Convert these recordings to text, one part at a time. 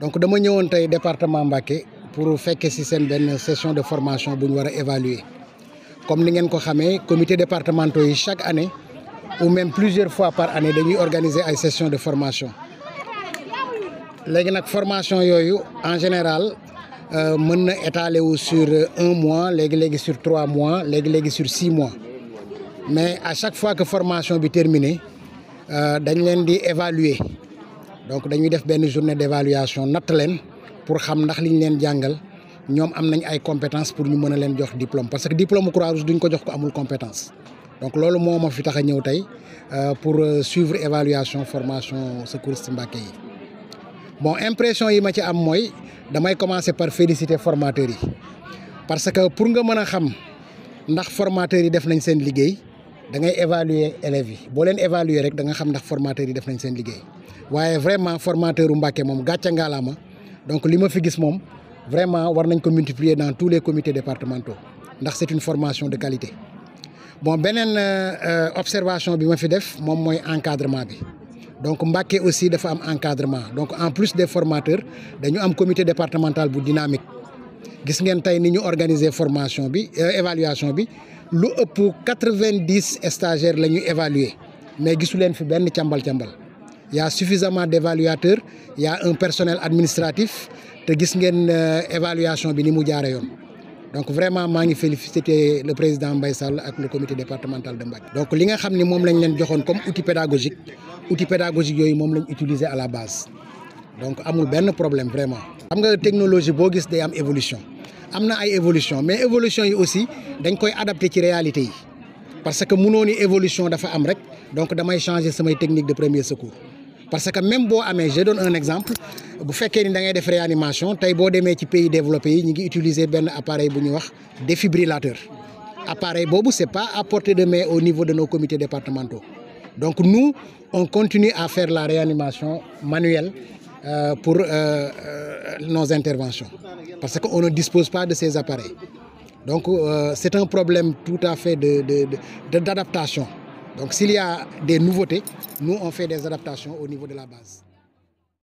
donc dama ñëwoon tey département Mbacké pour fekkee si seen benn session de formation bu ñu war évaluer comme ni ngeen ko xamee comité départementaux yi chaque année ou même plusieurs fois par année dañuy organiser ay session de formation léegi nag formation yooyu en général euh, mën na étaler wu sur un mois léegi-léegi sur trois mois léegi-léegi sur six mois mais à chaque fois que formation bi terminée euh, dañ leen di évaluer donc dañuy def benn journée d'évaluation natt leen pour xam ndax liñ leen jàngal ñoom am nañ ay compétence pour ñu mën a leen jox diplôme parce que diplôme Croix-Rouge duñ ko jox ko amul compétence donc loolu moo ma fi tax a ñëw tey euh, pour euh, suivre évaluation formation secouriste Mbacké yi bon impression yi ma ci am mooy damay commencer par féliciter formateurs yi parce que pour nga mën a xam ndax formateurs yi def nañ seen liggéey da ngay évaluer élèves yi boo leen évaluer rek da nga xam ndax formateurs yi def nañ seen liggéey waaye vraiment formateur u Mbacké moom gàcce ngaalaama donc li ma fi gis moom vraiment war nañ ko multiplier dans tous les comités départementaux ndax c'est une formation de qualité bon beneen euh, observation bi ma fi def moom mooy encadrement bi donc Mbacké aussi dafa am encadrement donc en plus des formateurs dañu am comité départemental bu dynamique gis ngeen tey ni ñu organiser formation bi euh, évaluation bi lu ëpp quatre-vingt-dix stagiaires la ñuy évaluer mais gisu leen fi benn càmbal càmbal y a suffisamment d'évaluateurs y a un personnel administratif te gis ngeen euh, évaluation bi ni mu jaare yoon donc vraiment maa ngi féliciter le président Mbaye Sall ak le comité départemental de Mbacké donc li nga xam ni moom lañ leen joxoon comme outil pédagogique outil pédagogique yooyu moom lañ utiliser à la base donc amul benn problème vraiment xam nga technologie boo gis day am évolution am na ay évolution mais évolution yi aussi dañ koy adapté ci réalité yi parce que mënoo ni évolution dafa am rek donc damay changer samay technique de premier secours parce que même boo amee je donne un exemple bu fekkee ni dangay ngay def réanimation tey boo demee ci pays développé yi ñu ngi utiliser benn appareil bu ñuy wax défibrillateur appareil boobu c'est pas à portée de main au niveau de nos comités départementaux donc nous on continue à faire la réanimation manuelle Euh, pour euh, euh, nos interventions parce qu'on ne dispose pas de ces appareils. Donc c'est un problème tout à fait d'adaptation. De, de, Donc s'il y des nouveautés, nous on fait des adaptations au niveau de la base.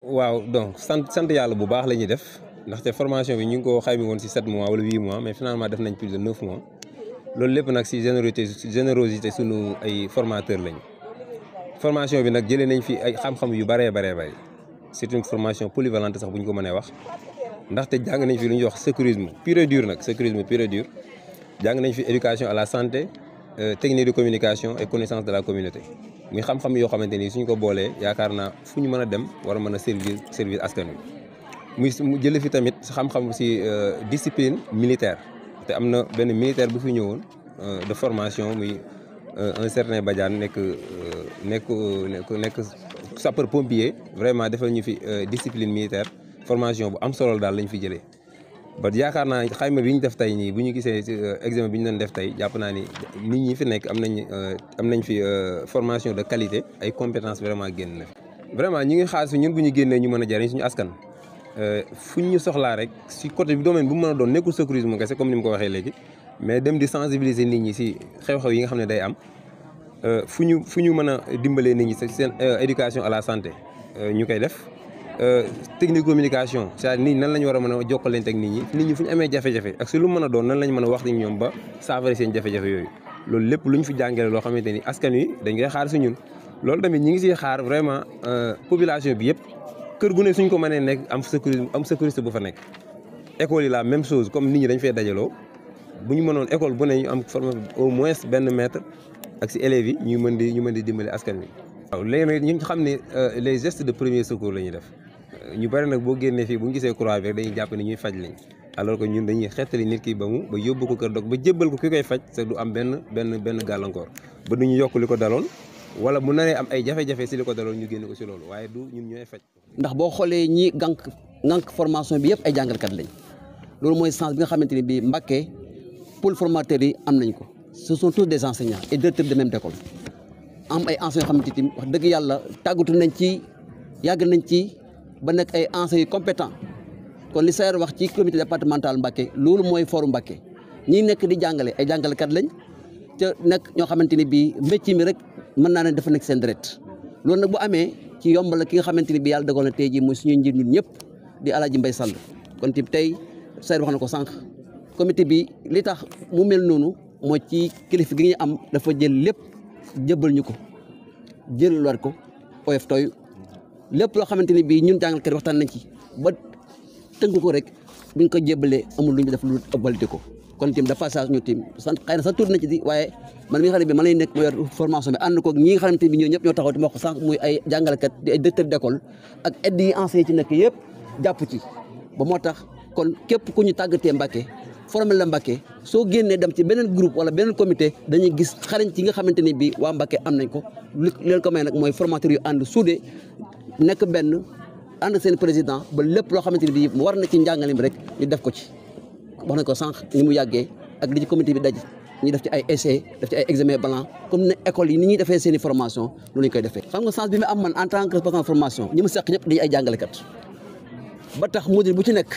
waaw donc sant sant yàlla bu baax la ñuy def ndaxte formation bi ñu ngi ko xaymi woon ci sept mois wala huit mois mais finalement def nañ plus de neuf mois loolu lépp nag ci générosité générosité sunu ay formateurs lañu formation bi nag jëlee nañ fi ay xam-xam yu bëree bëree bëri c'est une formation polyvalente sax bu ñu ko mënee wax ndaxte jàng nañ fi lu ñu wax secourisme pur dure nag secourisme pur et jàng nañ fi éducation à la santé euh, technique de communication et connaissance de la communauté muy xam-xam yoo xamante ni suñ ko boolee yaakaar naa fu ñu mën a dem war a mën a servir service askan wi muy mu jëlee fi tamit xam-xam si euh, discipline militaire te am na benn militaire bu fi ñëwoon euh, de formation muy un certain Badiane nekk nekk nekk. sapeur pompier vraiment defal ñu fi euh, discipline militaire formation bu am solo daal lañ fi jëlee ba yaakaar naa xayma bi ñu def tey nii bu ñu gisee euh, examen bi ñu doon def tey jàpp naa ni nit ñi fi nekk am nañ euh, am nañ fi formation de qualité ay compétences vraiment génn na fi. ñu ngi xaar si ñun bu ñu génnee ñu mën a jëriñ suñu askan fu ñu soxlaa rek si côté bi domaine bu mu a doon nekkul secourisme kese comme ni mu ko waxee léegi mais dem di sensibiliser nit ñi si xew-xew yi nga xam ne day am. Euh, fu ñu fu ñu mën a dimbalee nit ñi seen euh, éducation à la santé euh, ñu koy def technique communication c'est-à-dire nan lañu ñu war a mën a jokkalante ak nit ñi nit ñi fu ñu amee jafe-jafe ak si lu a doon nan lañ mën a wax ak ñoom ba saafara seen jafe-jafe yooyu loolu lépp lu ñu fi jàngale loo xamante ni askan wi dañ koy xaar si ñun loolu tamit ñi ngi siy xaar vraiment population bi yëpp kër gu ne suñ ko mënee nekk am sécurité am sécurité bu fa nekk école yi la même chose comme nit ñi dañ fay dajaloo bu ñu mënoon école bu ne ñu am formation au moins benn maître ak si élèves yi ñu mën di ñu mën di dimbali askan wi. waaw léegi nag ñu xam ne euh, les gestes de premier secours la ñuy def ñu bari nag boo génnee fii bu ñu gisee croix bi rek dañuy jàpp ne ñuy faj lañ alors que ñun dañuy xettali nit ki ba mu ba yóbbu ko kër dog ba jébbal ko ki koy faj te du am benn benn benn gàllankoor ba du ñu yokk li ko daloon wala mu naree am ay jafe-jafe si li ko daloon ñu génne ko si loolu waaye du ñun ñooy faj. ndax boo xoolee ñi gànk gànk formation bi yëpp ay jàngalkat lañ loolu mooy sens bi nga xamante ni bii Mbacké pôle formateur yi am nañ ko. ce sont tous des enseignants et directeurs de même d'école am ay enseignants yoo wax dëgg yàlla tàggatu nañ ci yàgg nañ ci ba nekk ay enseignants compétents kon li sayer wax ci comité départemental Mbacké loolu mooy foru Mbacké ñi nekk di jàngale ay jàngalekat lañ te nekk ñoo xamante ni bii métier mi rek mën naa ne dafa nekk seen deret loolu nag bu amee ci yomb ki nga xamante ni bii yàlla dogal na tey jii mooy suñu njiit ñun ñëpp di Alaaji Mbay Sall kon tim mooy ci kilifa gi ñu am dafa jël lépp jëbbal ñu ko jël war ko oyof tooy lépp loo xamante ni bii ñun jàngalkat waxtaan nañ ci ba tënk ko rek buñ ko jébbalee amul lu ñu def lu ëppalite ko kon tim de passage ñu tim sant xëy na sax tuuti nañ ci di waaye man mi nga xam ne bii man lay nekk ma yor formation bi ko ñi nga xamante ni ñoo ñëpp ñoo taxaw ti ma ko sànq muy ay jàngalkat di ay directeur d'école ak aide yi enseignant ci nekk yëpp jàpp ci ba moo tax kon képp ku ñu tàggatee Mbàkke Formel la Mbacké soo génnee dem ci beneen groupe wala beneen comité dañuy gis xarañ ci nga xamante ni waa Mbacké am nañ ko li mooy formateur yu ànd suude nekk benn ànd seen président ba lépp loo xamante ni bii war na ci njàngale bi rek def ko ci nañ ko sànq mu yàggee ak li ci comité bi daj ñu def ci ay essai def ci ay yi ni ñuy defee seeni formation loolu ñu koy defee xam nga sens bi mu am man en tant que responsable formation ñi ma seq ñëpp dañuy ay jàngalekat ba tax mudir bu ci nekk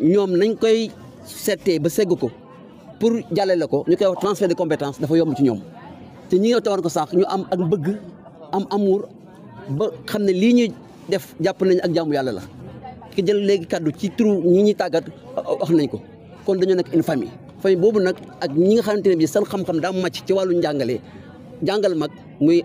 ñoom nañ koy seetee ba segg ko pour jàllale ko ñu koy wax de compétence dafa yomb ci ñoom te ñi nga tawar ko sànq ñu am ak bëgg am amuur ba xam ne lii ñuy def jàpp nañ ak jaamu yàlla la ki jël léegi kàddu ci turu ñi ñuy tàggat wax nañ ko kon dañoo nak une famille famille boobu nag ak ñi nga xamante ne bii seen xam-xam daa màcc ci wàllu njàngale jàngal mag muy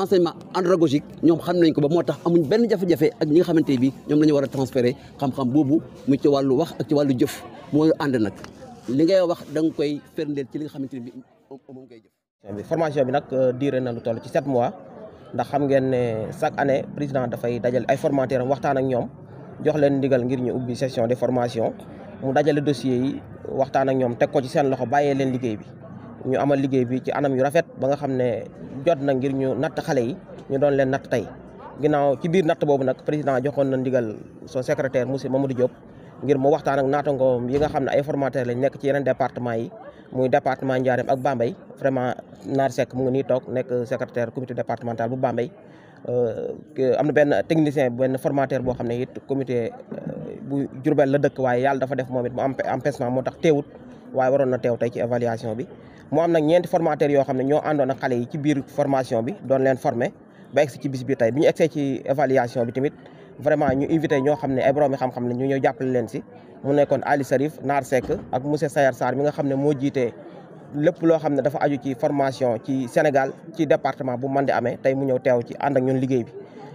enseignement andragogique ñoom xam nañ ko ba moo tax amuñ benn jafe-jafe ak ñi nga xamante ne bii ñoom lañu ñu war a transférer xam-xam boobu mu ci wàllu wax ak ci wàllu jëf mooy ànd nag li ngay wax da nga koy ferndeel ci li nga xamante ne bii moom ngay jëf. formation bi nag euh, duré na lu toll ci sept mois ndax xam ngeen ne chaque année président dafay dajale ay formateurs am waxtaan ak ñoom jox leen ndigal ngir ñu ubbi session de formation mu dajale dossiers yi waxtaan ak ñoom teg ko ci seen loxo bàyyee leen liggéey bi. ñu amal liggéey bi ci anam yu rafet ba nga xam ne jot na ngir ñu natt xale yi ñu doon leen natt tey ginnaaw ci biir natt boobu nag président joxoon na ndigal son secrétaire monsieur Mamadou Diop ngir mu waxtaan ak naatangoom yi nga xam ne ay formateurs nekk ci yeneen département yi muy département Ndiarème ak Bambey vraiment Naar Seck mu ngi nii toog nekk secrétaire comité départemental bu Bambey euh, am na benn technicien benn formateur boo xam ne it comité euh, bu Diourbel la dëkk waaye yàlla dafa def moom it mu am empêchement moo tax teewut waaye waroon na teew tey ci évaluation bi mu am nag ñeenti formateur yoo xam ne ñoo àndoon ak xale yi ci biir formation bi doon leen former ba egsi bi tey bi ñu egsee ci évaluation bi tamit vraiment ñu invité ñoo xam ne ay boroomi xam-xam la ñu ñëw jàppale leen si mu nekkoon Ali Sarif Naar Seck ak monsieur Sayar Sarr mi nga xam ne moo jiitee lépp loo xam ne dafa aju ci formation ci Sénégal ci département bu man di amee tey mu ñëw teew ci ànd ak liggéey bi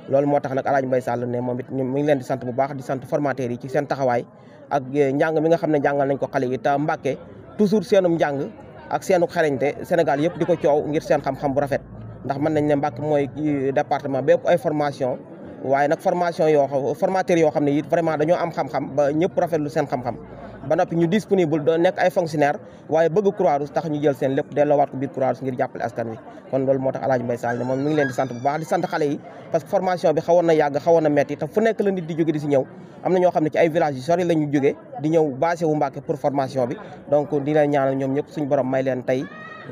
loolu moo tax nag Alaaji Mbay Sall ne moom it mu ngi leen di sant bu baax di sant formateurs yi ci seen taxawaay ak eh, njàng mi nga xam ne jàngal nañ ko xale yi te Mbàkke toujours seenum njàng ak seenu xarañte Sénégal yëpp di ko coow ngir seen xam-xam bu rafet ndax mën nañ ne Mbàkke mooy département bépp ay formation waaye nag formation yoo xam formateur yoo xam ne it vraiment dañoo am xam-xam ba ñëpp rafetlu seen xam-xam ba noppi ñu disponible doon nekk ay fonctionnaire waaye bëgg Croix-Rouge tax ñu jël seen lépp delloowaat ko biir Croix-Rouge ngir jàppale askan wi kon loolu moo tax Alaaji Mbay Sall ne moom mi ngi leen di sant bu baax di sant xale yi parce que formation bi xawoon na yàgg si ñëw ñoo xam ne ci ay leen may leen tey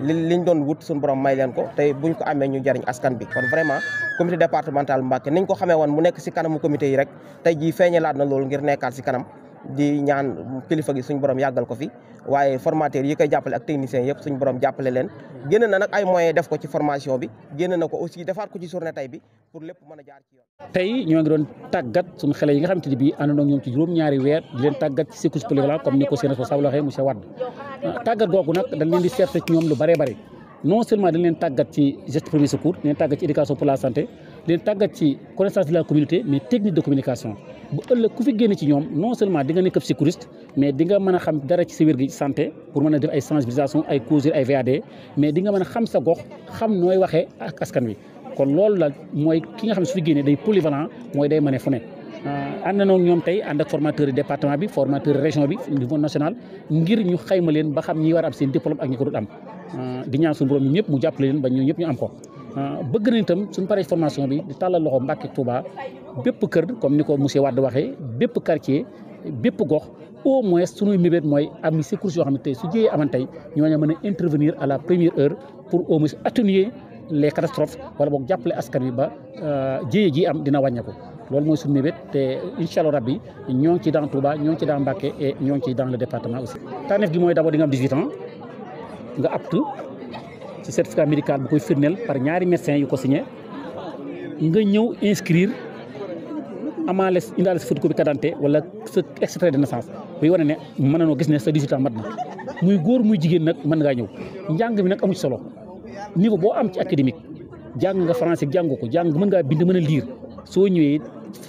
li liñ doon wut borom may leen ko tey buñ ko amee ñu jariñ askan bi kon vraiment comité départemental Mbàkke niñ ko xamee woon mu nekk si kanamu comité yi rek tey jii feeñalaat na loolu ngir nekkaat si kanam di ñaan kilifa gi suñu borom yàggal ko fi waaye formateur yi koy jàppale ak technicien yëpp suñu borom jàppale leen génn nag ay moyens def ko ci formation bi génn na ko aussi defaat ko ci journée tey bi a jaar ci ñoom ci juróom-ñaari weer leen tàggat ci secousse polyvalente comme ni ko seen responsable waxee monsieur Wade tàggat googu nag dañ leen di seet ci ñoom lu bëree bëri non seulement dañ leen tàggat ci geste premier secours dañ leen ci éducation pour la leen tàggat ci connaissance de la communauté mais technique de communication bu ëllëg ku fi génn ci ñoom non seulement di nga nekk ab secouriste mais di nga a xam dara ci sa gi santé pour mën a def ay sensibilisation ay causerie ay VAD mais di nga mën a xam sa gox xam nooy waxee ak askan wi kon loolu la mooy ki nga xam su fi génnee day polyvalent mooy day mën a fu ne ah, ànd nañoo ñoom tey ànd ak formateur département bi formateur région bi niveau national ngir ñu xayma leen ba xam ñi war a am seen ak ñi ko dul am ah, ñëpp mu jàppale leen ba ñoo ñëpp ñu am Euh, bëgg nañ itam suñ paree formation bi di tàllal loxo Mbàkke Touba bépp kër comme ni ko monsieur Wade waxee bépp quartier bépp gox au moins suñuy mébét mooy am secours yoo xam ne tey su jëyee aman tey ñooñu mën intervenir à la première heure pour au moins atténuer les catastrophes wala boog jàppale askan wi ba euh, jëye ji am dina wàññeeku loolu mooy suñu mébét te incha allah rabbi ñoo ngi ci dans Touba ñoo ngi ci dans Mbàkke et ñoo ngi ci dans le département aussi. tànneef gi mooy d'abord di am 18 ans nga apte ci certificat médical bu koy firndeel par ñaari médecin yu ko signé nga ñëw inscrire amaale indaale sa photocopie carte d'identité wala sa extrait de naissance buy wane ne mën nanoo gis ne sa 18 ans mat na muy góor muy jigéen nag mën ngaa ñëw njàng mi nag amu solo niveau boo am ci académique jàng nga français jàngu ko jàng mën ngaa bind mën a liir soo ñëwee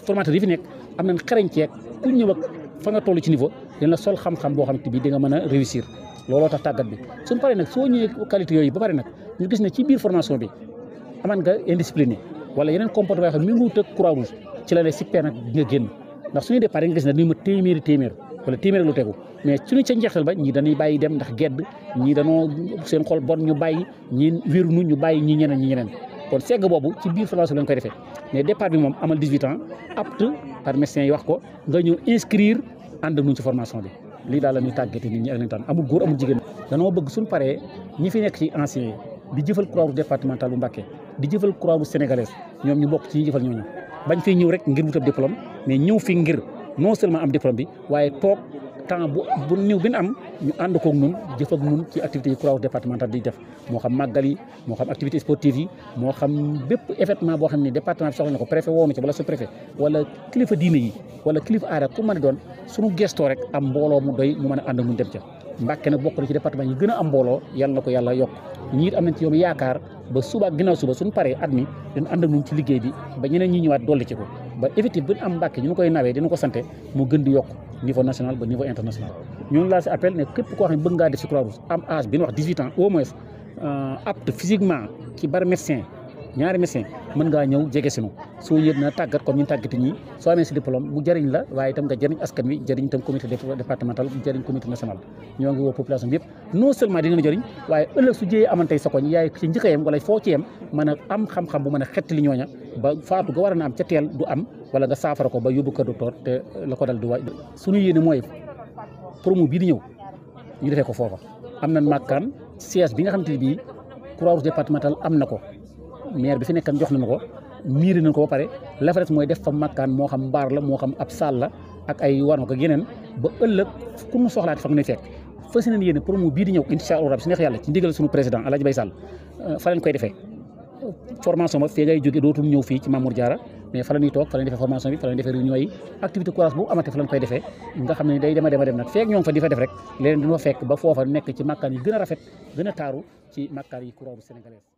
formateur yi fi nekk am nañ xarañceeg ku ñëw ak fa nga toll ci niveau dina la sol xam-xam boo xam te bi di nga mën réussir looloo tax tàggat bi suñ paree nag soo ñëwee qualité yooyu ba pare nag ñu gis ne ci biir formation bi amaan nga indiscipliné wala yeneen comportement yoo xam mi ngi wut ak croix rouge ci la lay sippee nag nga génn ndax suñuy départ nga gis ne dañu ma téeméeri téeméer wala téeméer lu tegu mais suñu ca njeextal ba ñii dañuy bàyyi dem ndax gedd ñii danoo seen xol bon ñu bàyyi ñii wéruñu ñu bàyyi ñii ñeneen ñi ñeneen kon segg boobu ci biir formation lañ koy defee mais départ bi moom amal 18 ans par médecin yi wax ko nga ñëw inscrire ànd ak ñun formation bi lii daal la ñuy tàggati nit ñi ak leen amul góor amul jigéen danoo bëgg suñ paree ñi fi nekk ci ancien di jëfal croix rouge départementale bu Mbacké di jëfal croix rouge ñoom ñu bokk ci ñi jëfal ñooñu bañ fii ñëw rek ngir wutab diplôme mais ñëw fi ngir non seulement am diplôme bi waaye toog temps bu bu niw bi ñu am ñu ànd koog ñun jëf ak ñun ci activité yi Croix-Rouge départementale di def moo xam màggal yi moo xam activité sportive yi moo xam bépp événement boo xam ne département bi soxla na ko préfet woonu ci wala sous préfet wala kilifa diine yi wala kilifa aada ku mën a doon suñu gestoo rek am mbooloo mu doy mu mën a ànd ak ñun dem ca Mbàkke na bokk na ci département yi gën a am mbooloo yàlla na ko yàlla yokk ñi am nañ ci yow yaakaar ba suba ginnaaw suba suñu paree at mi dina ànd ak ci liggéey bi ba ñeneen ñi ñëwaat dolli ci ko ba effectif bi am Mbàkke ñu koy nawee dina ko sante mu gën di yokk niveau national ba niveau international ñun laa si appel ne képp koo xam ne bëgg si croix am âge bi wax 18 ans au euh, physiquement ci bar médecin ñaari médecin mën ngaa ñëw jege sinu soo yëg na tàggat comme ñu tàggati ñi soo amee si diplôme mu jëriñ la waaye tam nga jëriñ askan wi jëriñ itam comité départemental jëriñ comité national ñoo ngi woo population bi yëpp non seulement dina la jëriñ waaye ëllëg su jëyee amantey sa koñ yaay a yem wala foo ci yem mën a am xam a xett li ñooña ba am ca teel du am wala nga saafara ba yóbbu kër docteur te la ko dal du waay suñu yéene mooy bii di ñëw ñu defee ko foofa am na màkkaan siège bi nga xamante ne bii Croix-Rouge départemental am na ko maire bi fi nekkan jox nañu ko miiri nañu ko ba pare la fa des mooy def fa makkaan moo xam mbaar la moo xam ab saal la ak ay wano yeneen ba ëllëg ku soxlaat fa mu ne fekk euh, fa lañ koy defee fii ngay jóge dootum ñëw fii ci fa ne day dema dema dem nag feek ñoo ngi fekk ba foofa nekk ci makkaan yi gën a rafet gën a taaru ci makkaan yi courage bu